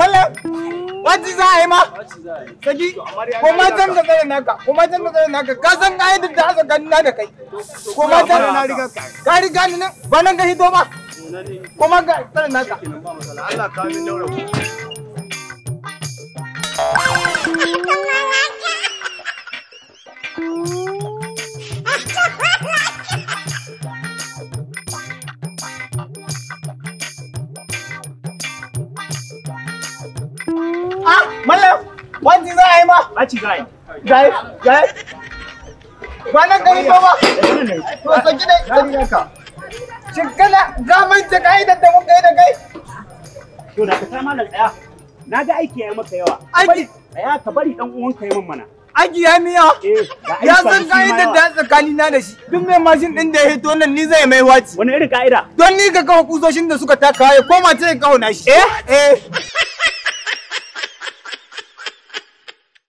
Mallam, wace za a yi ma? Saki, kuma can ka tsare naka, kuma can ka tsare naka, ka san ka da ta gani na da kai. Kuma can na riga ka. Ka riga ni nan, ba nan ka hito ba. Kuma ka tsare naka. Allah ka min daura Wanci za a yi ma? Wanci za a yi. Gai, gai. Ba nan gari ba ba. To saki dai, saki ka Shigala, za mu ta ka'idar da muka yi da kai. To da ka ta malam tsaya. Na ga aiki ya maka yawa. Aiki. Tsaya ka bari dan uwanka yi min mana. Aiki ya miya. Eh, ya san ka'idar da tsakani na da shi. Duk mai mashin ɗin da ya hito nan ni zai mai waci. Wani irin ka'ida? Don ni ka kawo kusoshin da suka taka ya koma ta ya kawo na shi. Eh? Eh.